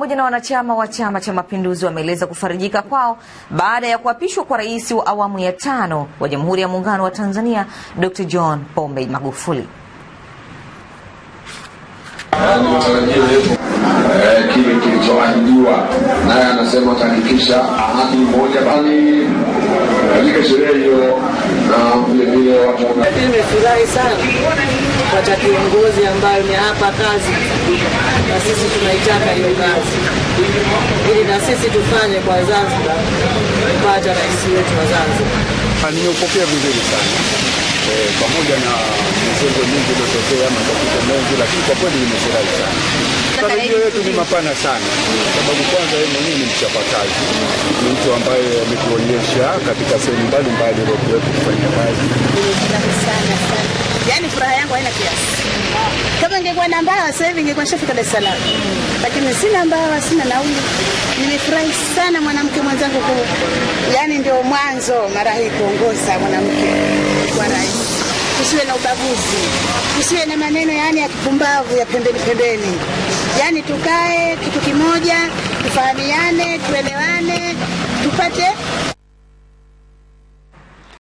pamoja na wanachama wa Chama cha Mapinduzi wameeleza kufarijika kwao baada ya kuapishwa kwa rais wa awamu ya tano wa Jamhuri ya Muungano wa Tanzania, Dr. John Pombe Magufuli. Kile kilichoahidiwa naye anasema atahakikisha ahadi moja bali katika hiyo, na watu nimefurahi sana kupata kiongozi ambayo ni hapa kazi na sisi tunaitaka hiyo kazi ili na sisi tufanye kwa Zanzibar kupata rais wetu wa Zanzibar. Nimeupokea vizuri sana eh, pamoja na michezo mingi iliyotokea, matatizo mengi, lakini kwa kweli nimefurahi sana. Matarajio yetu ni mapana sana, sababu kwanza yeye mwenyewe ni mchapakazi, ni mtu ambaye ametuonyesha katika sehemu mbalimbali aliyokuwepo kufanya kazi. Yaani furaha yangu haina kiasi ningekuwa na Mbawa sasa hivi ningekuwa Dar es Salaam, lakini sina Mbawa, sina nauli. Nimefurahi sana mwanamke mwenzangu ku, yani ndio mwanzo mara hii kuongoza mwanamke kwa rais. Kusiwe na ubaguzi, kusiwe na maneno yani ya kipumbavu ya pembeni pembeni, yani tukae kitu kimoja, tufahamiane, tuelewane, tupate